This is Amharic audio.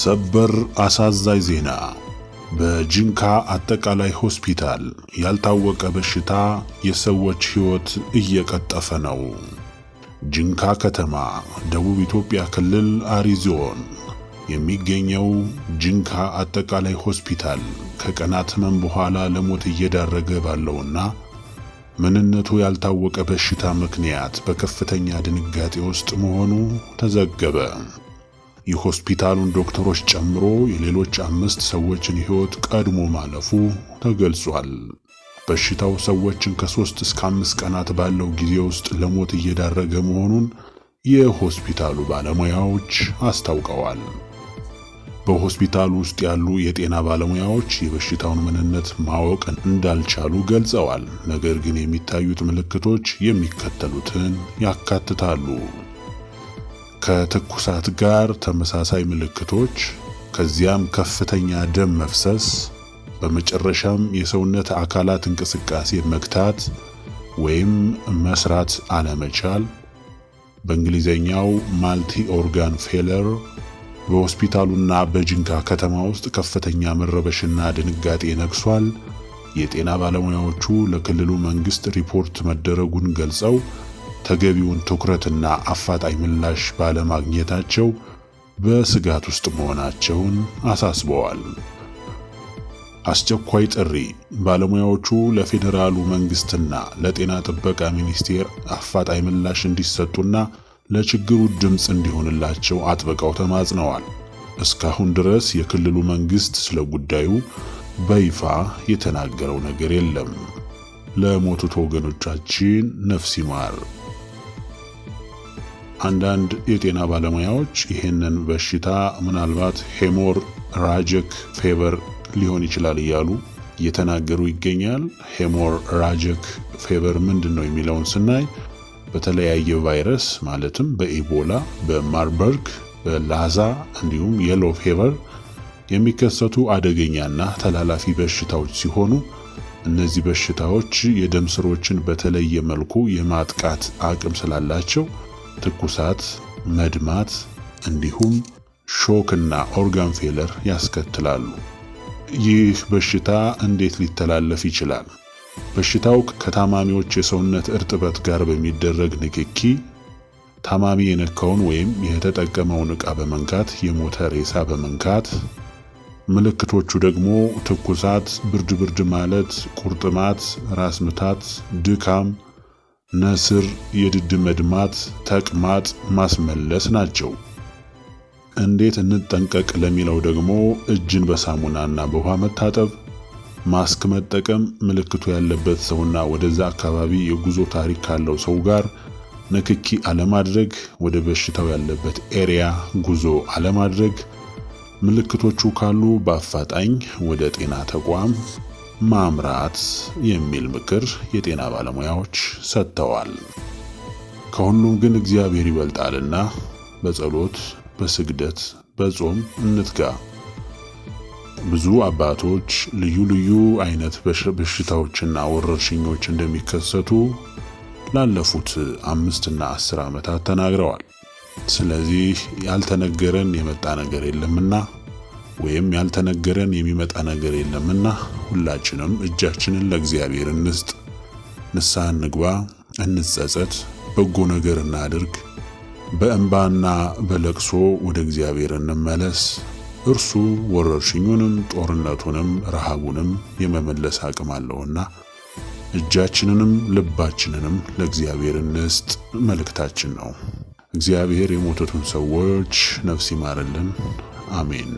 ሰበር አሳዛኝ ዜና በጂንካ አጠቃላይ ሆስፒታል ያልታወቀ በሽታ የሰዎች ሕይወት እየቀጠፈ ነው። ጂንካ ከተማ ደቡብ ኢትዮጵያ ክልል አሪ ዞን የሚገኘው ጂንካ አጠቃላይ ሆስፒታል ከቀናት ሕመም በኋላ ለሞት እየዳረገ ባለውና ምንነቱ ያልታወቀ በሽታ ምክንያት በከፍተኛ ድንጋጤ ውስጥ መሆኑ ተዘገበ። የሆስፒታሉን ዶክተሮች ጨምሮ የሌሎች አምስት ሰዎችን ሕይወት ቀድሞ ማለፉ ተገልጿል። በሽታው ሰዎችን ከሶስት እስከ አምስት ቀናት ባለው ጊዜ ውስጥ ለሞት እየዳረገ መሆኑን የሆስፒታሉ ባለሙያዎች አስታውቀዋል። በሆስፒታሉ ውስጥ ያሉ የጤና ባለሙያዎች የበሽታውን ምንነት ማወቅ እንዳልቻሉ ገልጸዋል። ነገር ግን የሚታዩት ምልክቶች የሚከተሉትን ያካትታሉ። ከትኩሳት ጋር ተመሳሳይ ምልክቶች፣ ከዚያም ከፍተኛ ደም መፍሰስ፣ በመጨረሻም የሰውነት አካላት እንቅስቃሴ መግታት ወይም መስራት አለመቻል በእንግሊዘኛው ማልቲ ኦርጋን ፌለር በሆስፒታሉና በጅንካ ከተማ ውስጥ ከፍተኛ መረበሽና ድንጋጤ ነግሷል። የጤና ባለሙያዎቹ ለክልሉ መንግስት ሪፖርት መደረጉን ገልጸው ተገቢውን ትኩረትና አፋጣኝ ምላሽ ባለማግኘታቸው በስጋት ውስጥ መሆናቸውን አሳስበዋል። አስቸኳይ ጥሪ ባለሙያዎቹ ለፌዴራሉ መንግስትና ለጤና ጥበቃ ሚኒስቴር አፋጣኝ ምላሽ እንዲሰጡና ለችግሩ ድምፅ እንዲሆንላቸው አጥብቀው ተማጽነዋል። እስካሁን ድረስ የክልሉ መንግስት ስለ ጉዳዩ በይፋ የተናገረው ነገር የለም። ለሞቱት ወገኖቻችን ነፍስ ይማር። አንዳንድ የጤና ባለሙያዎች ይህንን በሽታ ምናልባት ሄሞር ራጀክ ፌቨር ሊሆን ይችላል እያሉ እየተናገሩ ይገኛል። ሄሞር ራጀክ ፌቨር ምንድን ነው የሚለውን ስናይ በተለያየ ቫይረስ ማለትም በኢቦላ፣ በማርበርግ፣ በላዛ እንዲሁም የሎ ፌቨር የሚከሰቱ አደገኛና ተላላፊ በሽታዎች ሲሆኑ እነዚህ በሽታዎች የደም ስሮችን በተለየ መልኩ የማጥቃት አቅም ስላላቸው ትኩሳት፣ መድማት እንዲሁም ሾክና ኦርጋን ፌለር ያስከትላሉ። ይህ በሽታ እንዴት ሊተላለፍ ይችላል? በሽታው ከታማሚዎች የሰውነት እርጥበት ጋር በሚደረግ ንክኪ፣ ታማሚ የነካውን ወይም የተጠቀመውን ዕቃ በመንካት፣ የሞተ ሬሳ በመንካት። ምልክቶቹ ደግሞ ትኩሳት፣ ብርድ ብርድ ማለት፣ ቁርጥማት፣ ራስ ምታት፣ ድካም ነስር፣ የድድ መድማት፣ ተቅማጥ ማስመለስ ናቸው። እንዴት እንጠንቀቅ ለሚለው ደግሞ እጅን በሳሙናና በውሃ መታጠብ፣ ማስክ መጠቀም፣ ምልክቱ ያለበት ሰውና ወደዛ አካባቢ የጉዞ ታሪክ ካለው ሰው ጋር ንክኪ አለማድረግ፣ ወደ በሽታው ያለበት ኤሪያ ጉዞ አለማድረግ፣ ምልክቶቹ ካሉ በአፋጣኝ ወደ ጤና ተቋም ማምራት የሚል ምክር የጤና ባለሙያዎች ሰጥተዋል። ከሁሉም ግን እግዚአብሔር ይበልጣልና በጸሎት በስግደት በጾም እንትጋ። ብዙ አባቶች ልዩ ልዩ አይነት በሽታዎችና ወረርሽኞች እንደሚከሰቱ ላለፉት አምስትና አስር ዓመታት ተናግረዋል። ስለዚህ ያልተነገረን የመጣ ነገር የለምና ወይም ያልተነገረን የሚመጣ ነገር የለምና ሁላችንም እጃችንን ለእግዚአብሔር እንስጥ፣ ንስሐ እንግባ፣ እንጸጸት፣ በጎ ነገር እናድርግ፣ በእንባና በለቅሶ ወደ እግዚአብሔር እንመለስ። እርሱ ወረርሽኙንም ጦርነቱንም ረሃቡንም የመመለስ አቅም አለውና እጃችንንም ልባችንንም ለእግዚአብሔር እንስጥ መልእክታችን ነው። እግዚአብሔር የሞቱትን ሰዎች ነፍስ ይማርልን። አሜን።